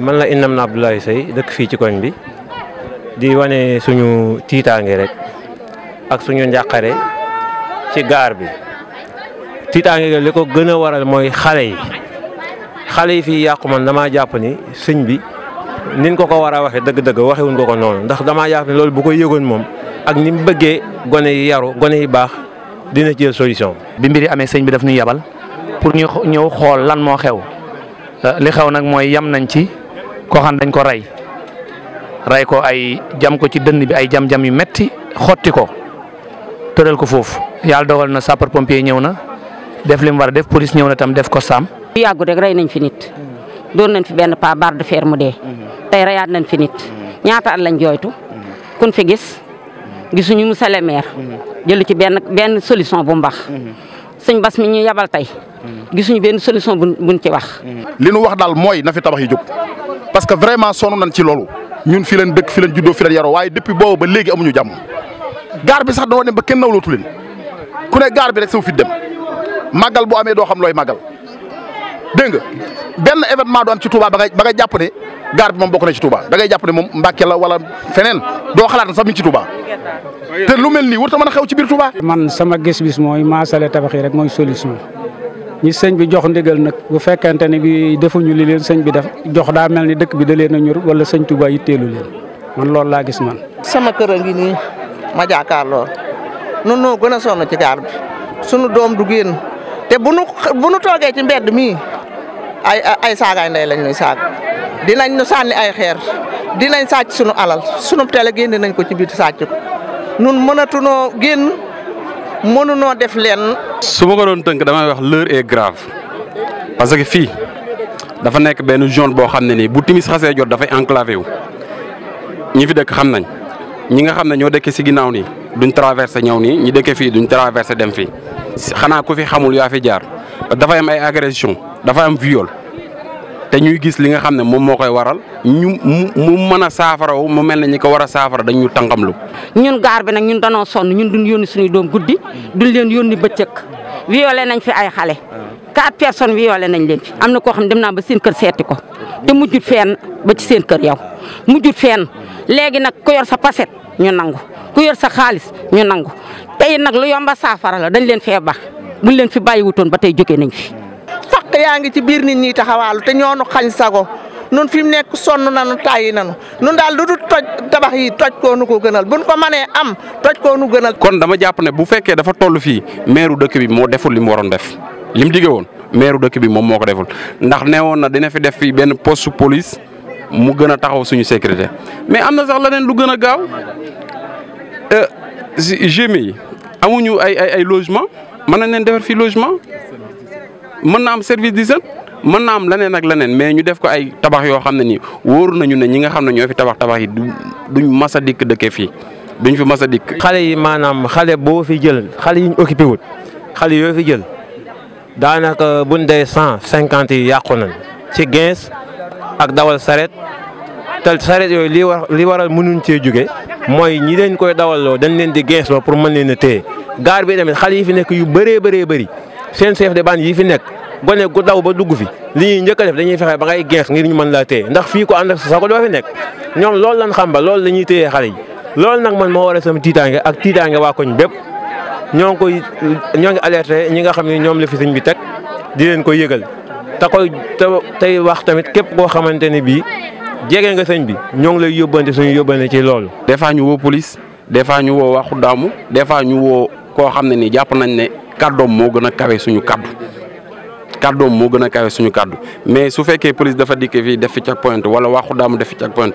man la innam na Abdoulaye Seye dëkk fii ci koñ bi di wane suñu tiitaange rek ak suñu njàqare ci gaar bi tiitaange li ko gën a waral mooy xale yi xale yi fii yàqu man damaa jàpp ni sëñ bi niñ ko ko war a waxee dëgg-dëgg waxewuñ ko ko noonu ndax dama jàpp ni loolu bu ko yëgoon moom ak ni mu bëggee gone yi yaru gone yi baax dina jël solution bi yi amee sëñ bi def nu yabal pour ñu xool lan moo xew li xew nag mooy yam nañ ci koo xam dañ ko rey rey ko ay jam ko ci dënn bi ay jam-jam yu metti xotti ko tëral ko foofu yàlla dogal na sapeur pompier ñëw na def li mu def police ñëw na tam def ko saam. bu yàggu rek rey nañ fi nit doon nañ fi benn pa barre de fer mu dee mm-hmm. tey reyaat nañ fi nit mm-hmm. ñaata at lañ jooytu mm-hmm. kun fi gis gisuñu mu le maire jëlu ci benn benn solution bu mbax sëñ bas mi ñu yabal tey gisuñu benn solution buñ buñ ci wax. li nu wax daal mooy na fi tabax yi jóg. parce que vraiment sonn nañ ci loolu ñun fi leen dëkk fi leen juddoo fi leen yaroo waaye depuis boobu ba léegi amuñu jàmm gaar bi sax dañoo dem ba kenn nawlootu leen ku ne gaar bi rek saw fi dem màggal boo amee doo xam looy màggal dégg nga benn événement du am ci Touba ba nga ba nga jàpp ne gaar bi moom bokk na ci Touba da nga jàpp ne moom Mbàkke la wala feneen doo xalaat sax mi ngi ci Touba te lu mel nii warut a mën xew ci biir Touba. man sama gis-gis mooy maasale tabax yi rek mooy ñi sëñ bi jox ndigal nag bu fekkente ne bi defuñu li leen sëñ bi def jox daa mel ni dëkk bi da leen a ñor wala sëñ Tuubaa yitteelu leen man loolu laa gis man. sama kër a ngi nii ma jaakaar lool nun noo gën a sonn ci gaar bi sunu doom du génn te bu nu bu nu toogee ci mbedd mii ay ay saagaay ndey lañ ñuy saag dinañ nu sànni ay xeer dinañ sàcc sunu alal sunu télé génne nañ ko ci biir sàcc ko nun mënatunoo génn. mënunoo def leen su ma ko doon tënk damay wax l'heure est grave parce que fii dafa nekk benn zone boo xam ne nii bu timis xasee jot dafay enclavé wu ñi fi dëkk xam nañ ñi nga xam ne ñoo dëkkee si ginnaaw nii duñ traversé ñëw nii ñi dëkkee fii duñ traversé dem fii xanaa ku fi xamul yaa fi jaar dafay am ay agression dafay am viol te ñuy gis li nga xam ne moom moo koy waral ñu mu mën a saafara wu mu mel ne ñi ko war a saafara dañ ñu lu ñun gaar bi nag ñun danoo sonn ñun dun yónni suñuy doom guddi duñ leen yónni bëccëg violé nañ fi ay xale. quatre personnes violé nañ leen fi am na koo xam ne dem naa ba seen kër seeti ko te mujjut fenn ba ci seen kër yow mujjut fenn léegi nag ku yor sa paset ñu nangu ku yor sa xaalis ñu nangu tey nag lu yomba saafara la dañ leen fee baax buñ leen fi bàyyiwutoon ba tey jógee nañ fi. te yaa ngi ci biir nit ñi taxawaalu te ñoo nu xañ sago nun fi mu nekk sonn nañu tàyyi nañu nun daal lu dul toj tabax yi toj koo nu ko gënal buñ ko manee am toj koo nu gënal. kon dama jàpp ne bu fekkee dafa toll fii meeru dëkk bi moo deful li mu waroon def li mu dige woon meeru dëkk bi moom moo ko deful ndax ne woon na dina fi def fii benn poste police mu gën a taxaw suñu sécurité mais am na sax leneen lu gën a gaaw euh, GMI yi amuñu ay ay ay logement mën nañ leen defar fii logement. mën na am service d'hygiène mën na am leneen ak leneen mais ñu def ko ay tabax yoo xam ne nii wóor nañu ne ñi nga xam ne ñoo fi tabax tabax yi duñ mas a dikk dëkkee fii duñ fi mas a dikk. xale yi maanaam xale boo fi jël xale yi ñu occupé wut xale yoo fi jël daanaka buñ dee cent cinquante yi yàqu nañ ci gens ak dawal saret te saret yooyu li war li waral mënuñ cee jóge mooy ñi leen koy dawalloo dañ leen di gens loo pour mën leen a téye gaar bi tamit xale yi fi nekk yu bëree bëree bëri. seen chef de bande yi fi nekk gone gu daw ba dugg fi li ñuy njëkk a def dañuy fexe ba ngay geex ngir ñu mën laa téye ndax fii ko ànd ak sa ko doo fi nekk ñoom loolu lañ xam ba loolu lañuy ñuy téye xale loolu nag man moo a sama tiitaange ak tiitaange waa koñ bépp ñoo ngi koy ñoo ngi alerté ñi nga xam ne ñoom la fi sëñ bi teg di leen koy yëgal te koy te tey wax tamit képp koo xamante ne bii jege nga sëñ bi ñoo ngi lay yóbbante suñu yóbbante ci loolu. des fois ñu woo police des fois ñu woo waa xuddaamu des fois ñu woo koo xam ne ni jàpp nañ ne kàddoom moo gën a kawe suñu kàddu kàddoom moo gën a kawe suñu kàddu mais su fekkee police dafa dikk fii def fi check point wala waxu daamu def fi check point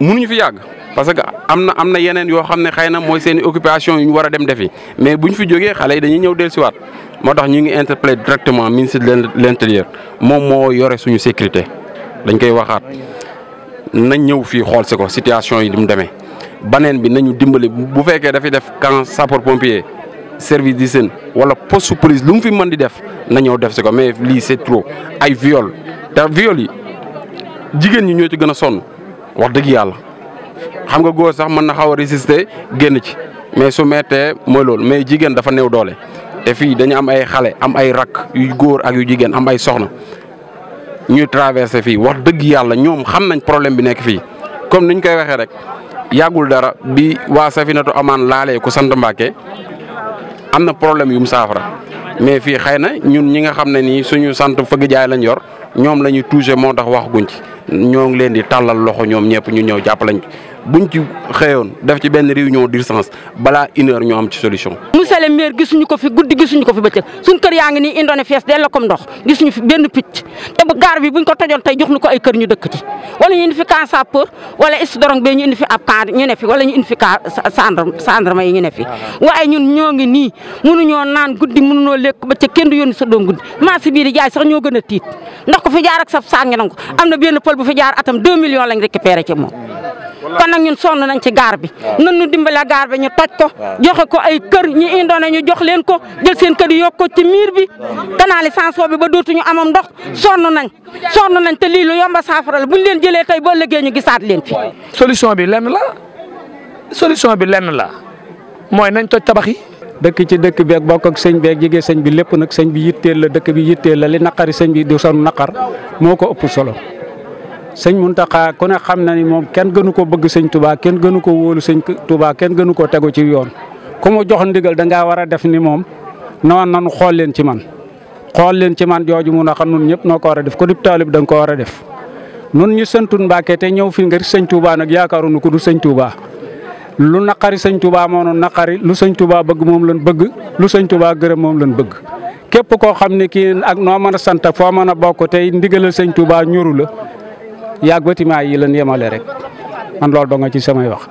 ñu fi yàgg parce que am na am na yeneen yoo xam ne xëy na mooy seen i occupation yu ñu war a dem defi mais bu ñu fi jógee xale yi dañuy ñëw dellusiwaat moo tax ñu ngi interpellé directement ministre de l'intérieur moom moo yore suñu sécurité dañ koy waxaat nañ ñëw fii xool si ko situation yi di mu demee baneen bi nañu dimbali bu fekkee dafay def camp sapeur pompier service di d'hygiène wala poste police lu mu fi mën di def na ñëw def si ko mais lii c'est trop ay viol te viol yi jigéen ñi ñoo ci gën a sonn wax dëgg yàlla xam nga góor sax mën na xaw a résister génn ci mais su mettee mooy loolu mais jigéen dafa néew doole. te fii dañu am ay xale am ay rakk yu góor ak yu jigéen am ay soxna ñuy traversé fii wax dëgg yàlla ñoom xam nañ problème bi nekk fii comme niñ koy waxee rek yàggul dara bi waa Safinatoul Amane laalee ku sant Mbàkke am na problème yu mu saafara mais fii xëy na ñun ñi nga xam ne nii suñu sant fëgg jaay lañ yor ñoom la ñuy touché moo tax waxaguñ ci ñoo ngi leen di tàllal loxo ñoom ñëpp ñu ñëw jàpp lañ bu ñu ci xëyoon def ci benn réunion d'urgence balaa une heure ñu am ci solution. monsieur le maire gisuñu ko fi guddi gisuñu ko fi bëccëg suñ kër yaa ngi nii indoone fees delloo comme ndox gisuñu fi benn picc te bu gaar bi buñ ko tojoon tey jox ñu ko ay kër ñu dëkk ci wala ñu indi fi camp sapeur wala istodorong ñu indi fi ab camp ñu fi wala ñu indi fi camp yi ñu ne fi. waaye ñun ñoo ngi nii mënuñoo naan guddi mënuñoo lekk bëccëg kenn du yónni sa doom guddi marché bii di jaay sax ñoo gën a tiit ndax ko fi jaar ak sa sàngi nangu am na benn pël bu fi jaar atam 2 millions lañ récupéré ci kon nag ñun sonn nañ ci gaar bi nan ñu dimbale gaar bi ñu toj ko joxe ko ay kër ñu indoona ñu jox leen ko jël seen kër yi yokk ci miir bi canalisation bi ba dootuñu amam ndox sonn nañ sonn nañ te lii lu yomba saafaral buñ leen jëlee tey boo lëggee ñu gisaat leen fi solution bi lenn la solution bi lenn la mooy nañ toj tabax yi dëkk ci dëkk bi ak bokk ak sëñ bi ak jege sëñ bi lépp nag sëñ bi yitteel la dëkk bi yitteel la li naqari sëñ bi du son naqar moo ko ëpp solo sëñ Muntaxa ku ne xam na ni moom kenn gënu ko bëgg sëñ Touba kenn gënu ko wóolu sëñ Touba kenn gënu ko tegu ci yoon ku mu jox ndigal da ngaa war a def ni moom noonu nanu xool leen ci man xool leen ci man jooju mun a xam nun ñëpp noo ko war a def ko dib taalib da nga ko war a def nun ñu sëntun Mbàkke te ñëw fi ngir sëñ Touba nag yaakaarunu ko du sëñ Touba lu naqari sëñ Touba moo noonu naqari lu sëñ Touba bëgg moom lañ bëgg lu sëñ Touba gërëm moom lañ bëgg képp koo xam ne kii ak noo mën a sant foo a bokk tey ndigalal sëñ Touba ñoru la yaag bâtiment yi lan yemale rek man lool dong nga ci samay wax.